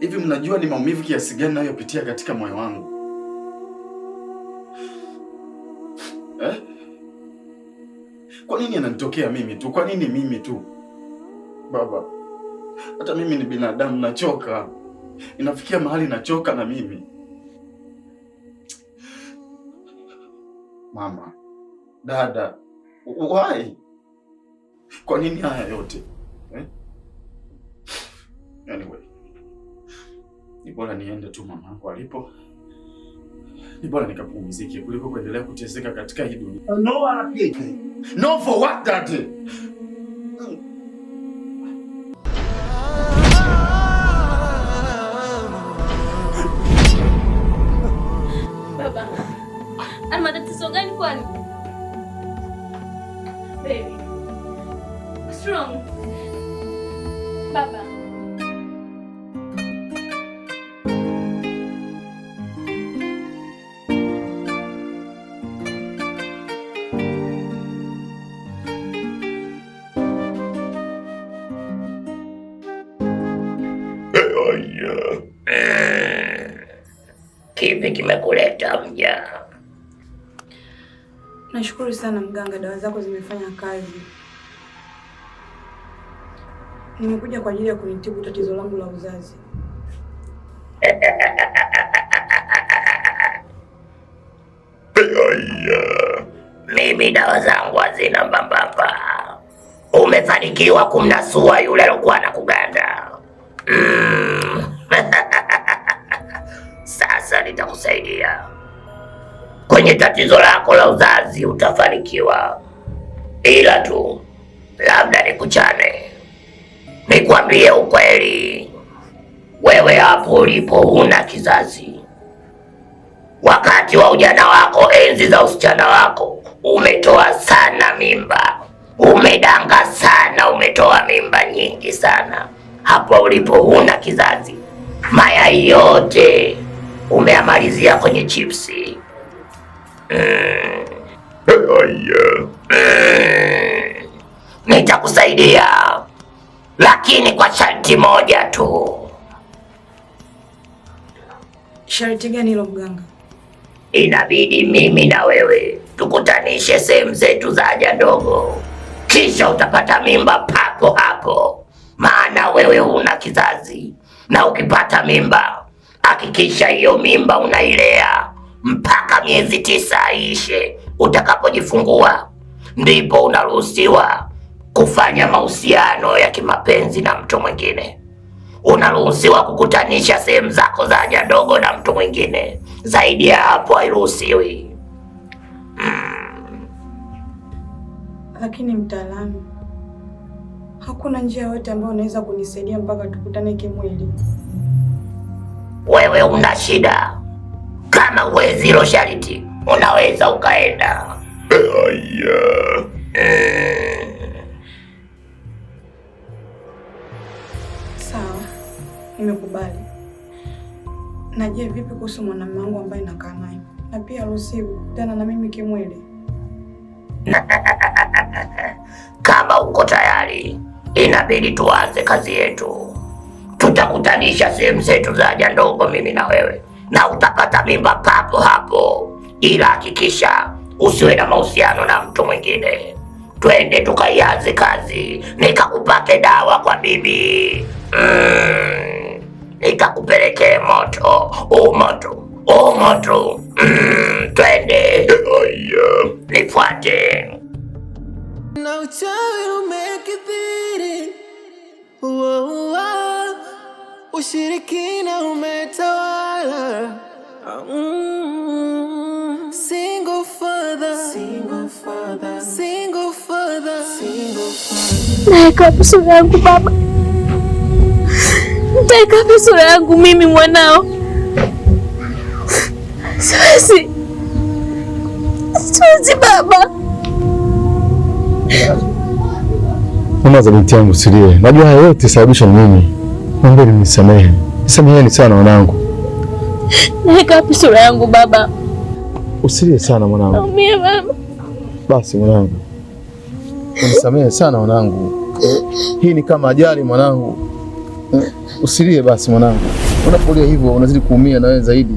Hivi mnajua ni maumivu kiasi gani nayopitia katika moyo wangu eh? Kwa nini ananitokea mimi tu? Kwa nini mimi tu? Baba, hata mimi ni binadamu, nachoka. Inafikia mahali nachoka na mimi. Mama, dada, why? Kwa nini haya yote eh? Anyway, ni bora niende tu mama yangu alipo, ni bora nikapumzike kuliko kuendelea kuteseka katika hii dunia. No, no for what daddy? matatizo gani kwani? Baby. What's Baba. Kipi kimekuleta mja? Nashukuru sana mganga, dawa zako zimefanya kazi. Nimekuja kwa ajili ya kunitibu tatizo langu la uzazi. Mimi dawa zangu hazina mbambamba. Umefanikiwa kumnasua yule alikuwa anakuganda. Mm. Sasa nitakusaidia kwenye tatizo lako la uzazi kazi utafanikiwa, ila tu labda nikuchane, nikwambie ukweli, wewe hapo ulipo huna kizazi. Wakati wa ujana wako, enzi za usichana wako, umetoa sana mimba, umedanga sana, umetoa mimba nyingi sana. Hapo ulipo huna kizazi, mayai yote umeamalizia kwenye chipsi mm. Uh, eh, nitakusaidia lakini kwa sharti moja tu. Sharti gani hilo mganga? Inabidi mimi na wewe tukutanishe sehemu zetu za haja ndogo, kisha utapata mimba papo hapo, maana wewe una kizazi, na ukipata mimba hakikisha hiyo mimba unailea mpaka miezi tisa aishe utakapojifungua ndipo unaruhusiwa kufanya mahusiano ya kimapenzi na mtu mwingine. Unaruhusiwa kukutanisha sehemu zako za haja ndogo na mtu mwingine, zaidi ya hapo hairuhusiwi. Hmm. Lakini mtaalamu, hakuna njia yoyote ambayo unaweza kunisaidia mpaka tukutane kimwili? Wewe una shida kama hilo shariti unaweza ukaenda. Haya. Sawa, nimekubali. Na je, vipi kuhusu mwanamume wangu ambaye nakaa naye na pia haruhusiwi tena na mimi kimwili? Kama uko tayari, inabidi tuanze kazi yetu. Tutakutanisha sehemu zetu za haja ndogo, mimi na wewe, na utapata mimba papo hapo ila hakikisha usiwe na mahusiano na mtu mwingine. Twende tukaianze kazi, nikakupake dawa kwa bibi mm. Nikakupelekee moto umoto umoto mm. Twende nifuate na uchawi umekithiri, ushirikina umetawala mm. Naweka wapi sura yangu baba? Naweka wapi sura yangu mimi mwanao? Siwezi, siwezi baba. Mama za binti yangu silie, najua haya yote sababisha mimi. Naombeni mnisamehe, nisameheni sana mwanangu. Naweka wapi sura yangu baba? Usilie sana mwanangu. Naumia baba. Basi mwanangu, unisamehe sana mwanangu, hii ni kama ajali mwanangu. Usilie basi mwanangu, unapolia hivyo unazidi kuumia na wewe zaidi.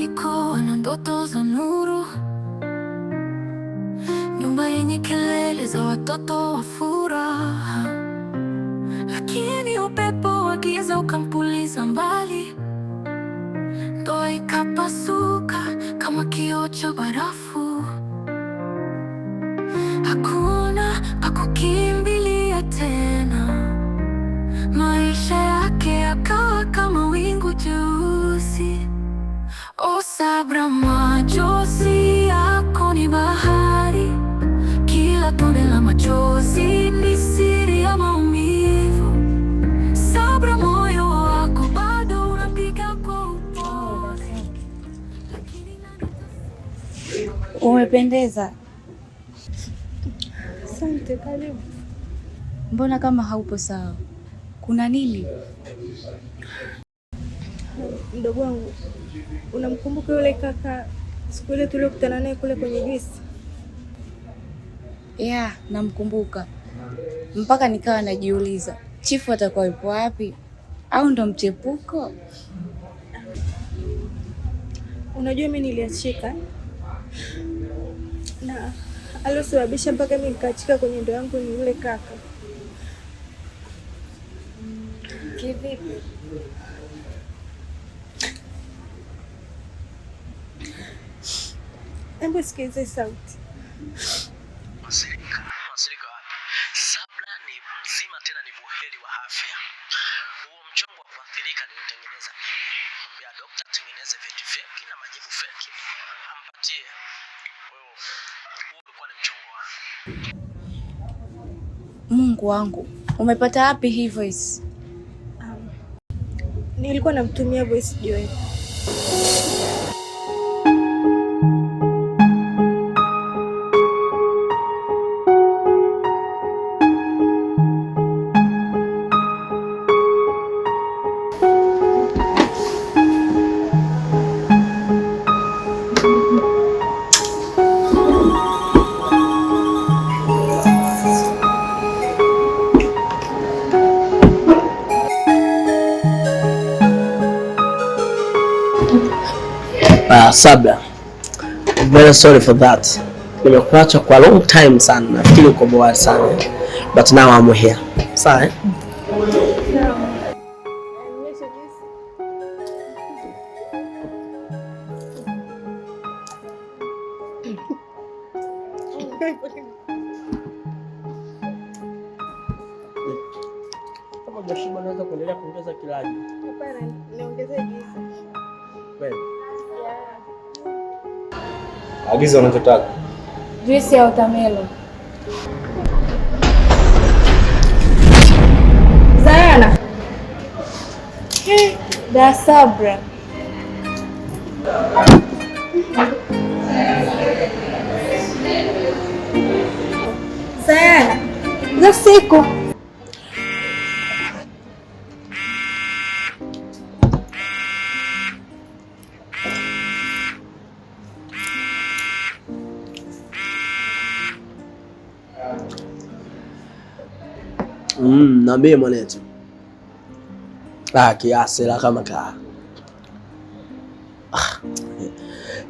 walikuwa na ndoto za nuru, nyumba yenye kelele za watoto wa furaha, lakini upepo wa giza ukampuliza mbali, ndoa ikapasuka kama kioo cha barafu. Sabra, machozi yako ni bahari, kila tone la machozi ni siri ya maumivu. Sabra, moyo wako bado unapiga kwa upole. Umependeza. Asante, karibu. Mbona kama haupo sawa? Kuna nini? Mdogo wangu Unamkumbuka yule kaka siku ile tuliokutana naye kule kwenye juisi? Yeah, namkumbuka mpaka nikawa najiuliza chifu atakuwa yupo wapi, au ndo mchepuko? Unajua, mi niliachika na aliosababisha mpaka mi nikaachika kwenye ndoa yangu ni yule kaka. Kivipi? Hebu sikilize sauti. Masirika. wapi? Sabla ni mzima tena ni buheri wa afya. Huo mchongo wa kuathirika nilitengeneza mimi. dokta vitu feki na majibu feki. Ampatie. Wewe huo ulikuwa ni mchongo wangu. Mungu wangu, umepata wapi hii voice? Um, nilikuwa namtumia voice Joel. saba. Very sorry for that. Nimekuacha kwa long time sana. Nafikiri uko bored sana. But now I'm here. Sawa eh? kuendelea kuongeza kilaji. Kweli. Agiza unachotaka. Juisi ya utamelo. Zayana. Da sabra. Zayana. Za siku. Mm, nambie mwanetu. Ah, kiasi kama ka. Ah.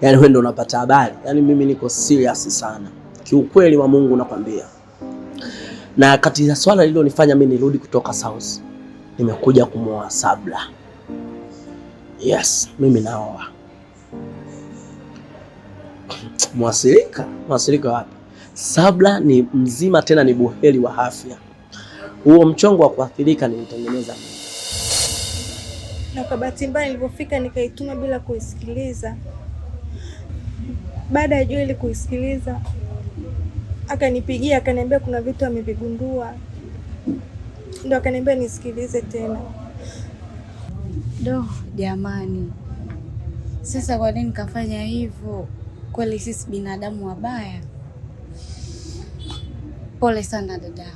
Yaani wewe unapata habari. Yaani mimi niko serious sana. Kiukweli wa Mungu nakwambia. Na kati ya swala lililonifanya mimi nirudi kutoka South, nimekuja kumwoa Sabla. Yes, mimi naoa. Mwasilika? Mwasilika wapi? Sabla ni mzima tena ni buheri wa afya huo mchongo wa kuathirika nilitengeneza mimi. Na kwa bahati mbaya nilipofika nikaituma bila kuisikiliza. Baada ya Joel kuisikiliza, akanipigia akaniambia kuna vitu amevigundua, ndo akaniambia nisikilize tena. Do jamani, sasa kwa nini kafanya hivyo? Kweli sisi binadamu wabaya? Pole sana dada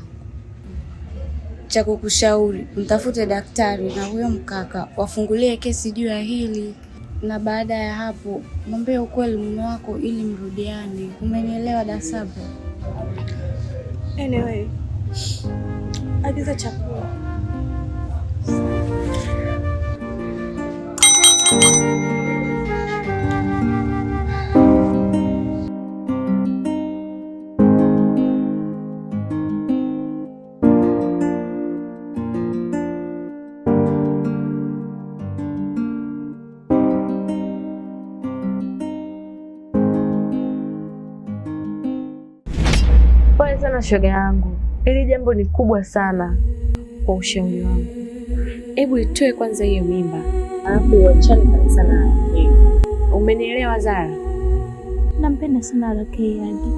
cha kukushauri mtafute daktari na huyo mkaka wafungulie kesi juu ya hili, na baada ya hapo mwambie ukweli mume wako ili mrudiane. Umenielewa Dasabo? Anyway, agiza chakula. Pole sana shoga yangu, hili jambo ni kubwa sana kwa ushauri wangu. Hebu itoe kwanza hiyo mimba, alafu uachane kabisa na umenielewa Zara? Nampenda sana Rakeadi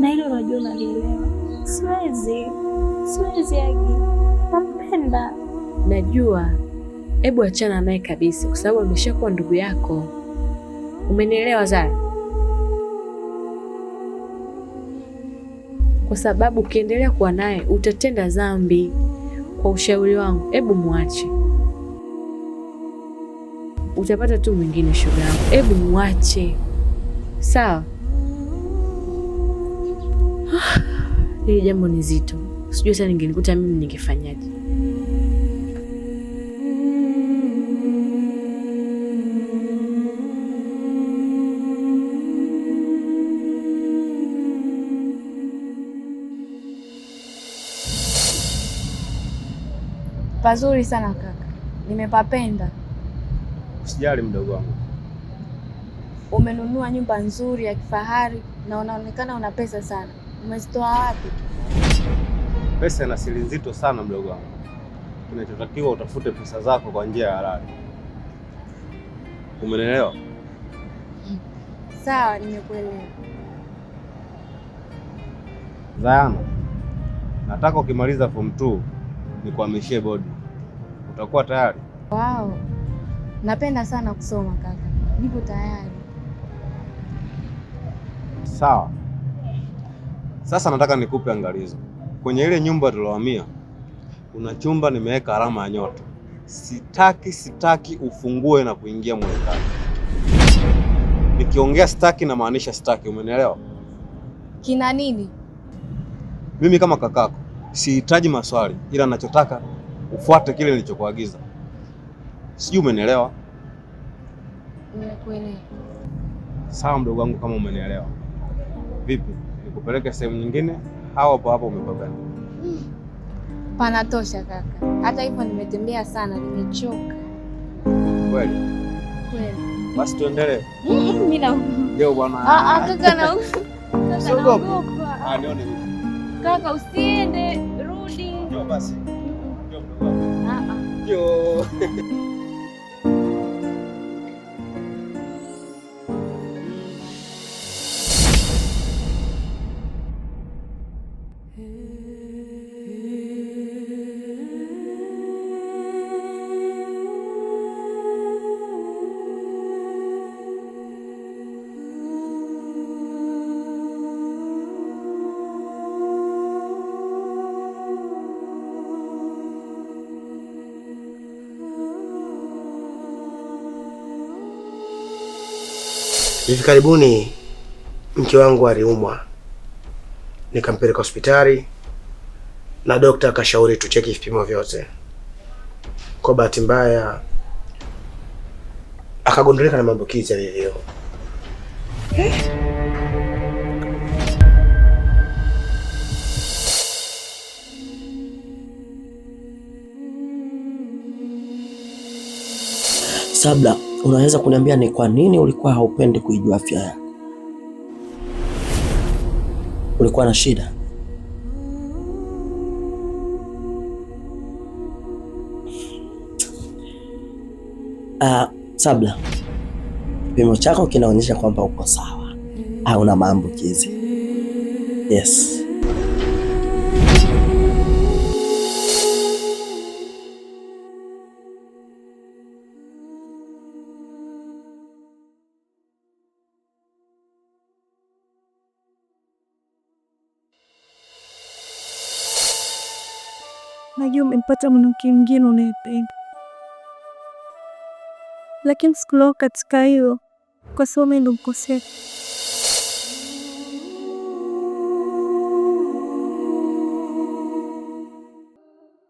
na hilo unajua, nalielewa. Siwezi, siwezi Agi, nampenda najua. Hebu achana naye kabisa, kwa sababu ameshakuwa ndugu yako. Umenielewa Zara? kwa sababu ukiendelea kuwa naye utatenda dhambi. Kwa ushauri wangu, hebu muache, utapata tu mwingine. Shoga yangu, hebu muache, sawa? Hili jambo ni zito, sijui hata ningenikuta mimi ningefanyaje. pazuri sana kaka, nimepapenda. Usijali mdogo wangu, umenunua nyumba nzuri ya kifahari na unaonekana una pesa sana. Umezitoa wapi? Pesa ina siri nzito sana mdogo wangu, kinachotakiwa utafute pesa zako kwa njia ya halali. Umenielewa? Sawa, nimekuelewa. Zayana, nataka ukimaliza form 2 nikuhamishie bodi utakuwa tayari? Wow, napenda sana kusoma kaka, nipo tayari. Sawa, sasa nataka nikupe angalizo. Kwenye ile nyumba tulohamia, kuna chumba nimeweka alama ya nyota. Sitaki, sitaki ufungue na kuingia mwendani. Nikiongea sitaki na maanisha sitaki, umenielewa? Kina nini? Mimi kama kakako sihitaji maswali, ila nachotaka ufuate kile nilichokuagiza. Sijui umenielewa? Nimekuelewa. Sawa mdogo wangu, kama umenielewa, vipi nikupeleke sehemu nyingine au hapo hapo umepaka? Panatosha kaka, hata hivyo nimetembea sana, nimechoka kweli kweli. Basi tuendelee. Mimi na leo bwana. Ah, ah kaka na kaka, Ah, nione kaka, usiende, rudi. Ndio basi. 哟。Hivi karibuni mke wangu aliumwa, nikampeleka hospitali na dokta akashauri tucheki vipimo vyote. Kwa bahati mbaya akagundulika na maambukizi ya VVU. Sabla Unaweza kuniambia ni kwa nini ulikuwa haupendi kuijua afya yako? Ulikuwa na shida? Uh, Sabla, kipimo chako kinaonyesha kwamba uko sawa, hauna maambukizi. Yes. najua umempata mwanamke mwingine unayependa, eh. lakini sikuloa katika hilo kwa sababu mimi ndo mkosea.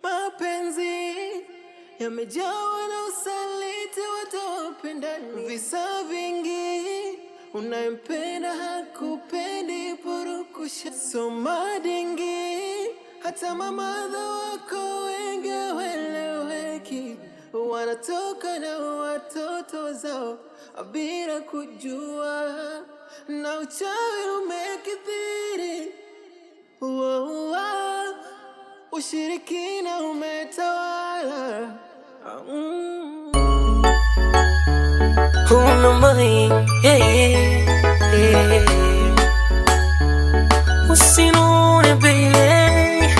Mapenzi yamejawa na usaliti, watawapendani visa vingi, unayempenda hakupendi, purukusha somadingi hata mamadha wako ndoto zao bila kujua, na uchawi umekithiri, ushirikina umetawala. mm. Usinune bile,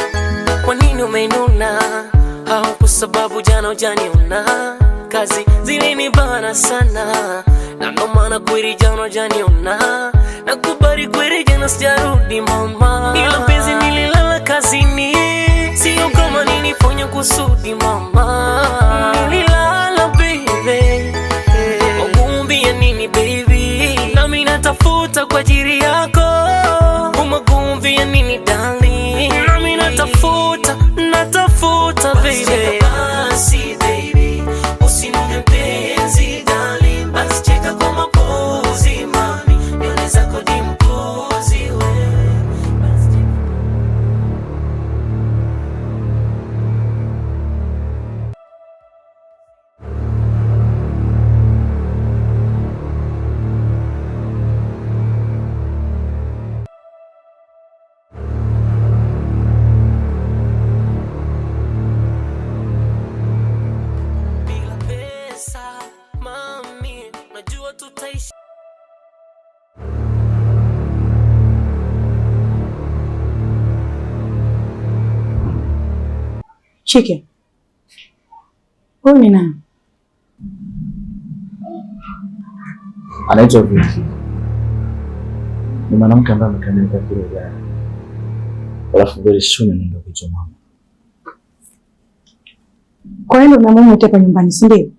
kwa nini umenuna? Au kwa sababu jana una kazi zilinibana sana, na ndo maana kweli jana janiona na kubali kweli jana sijarudi mama, ila penzi nililala kazini, sio kama niliponya kusudi mama, nililala baby, wakumbia oh, nini baby, nami natafuta kwa ajili yako, ya nini darling, nami natafuta natafuta baby Chicken. Huyu ni nani? Anaitwa Vicky. Ni mwanamke ambaye amekamilika kile gari. Alafu very soon anaenda kuitwa mama. Kwa hiyo ndio mama hapa nyumbani, si ndio?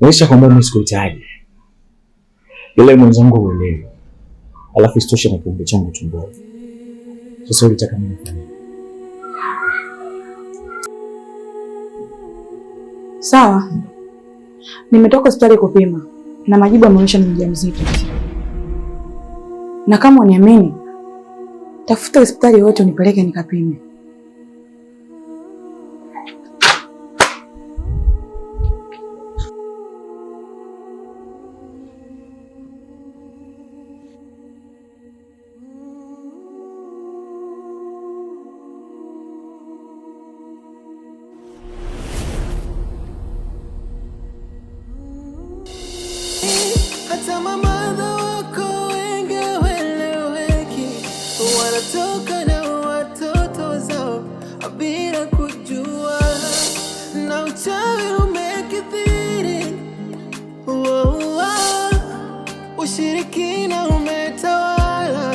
Maisha kwamba mimi sikuhitaji. Ile mwenzangu uelewe. Alafu isitoshe na kiumbe changu tumboni. Sasa ulitaka nini? Sawa, nimetoka hospitali kupima na majibu yameonyesha ni mjamzito, na kama uniamini, tafuta hospitali yoyote unipeleke nikapime. ushirikina umetawala.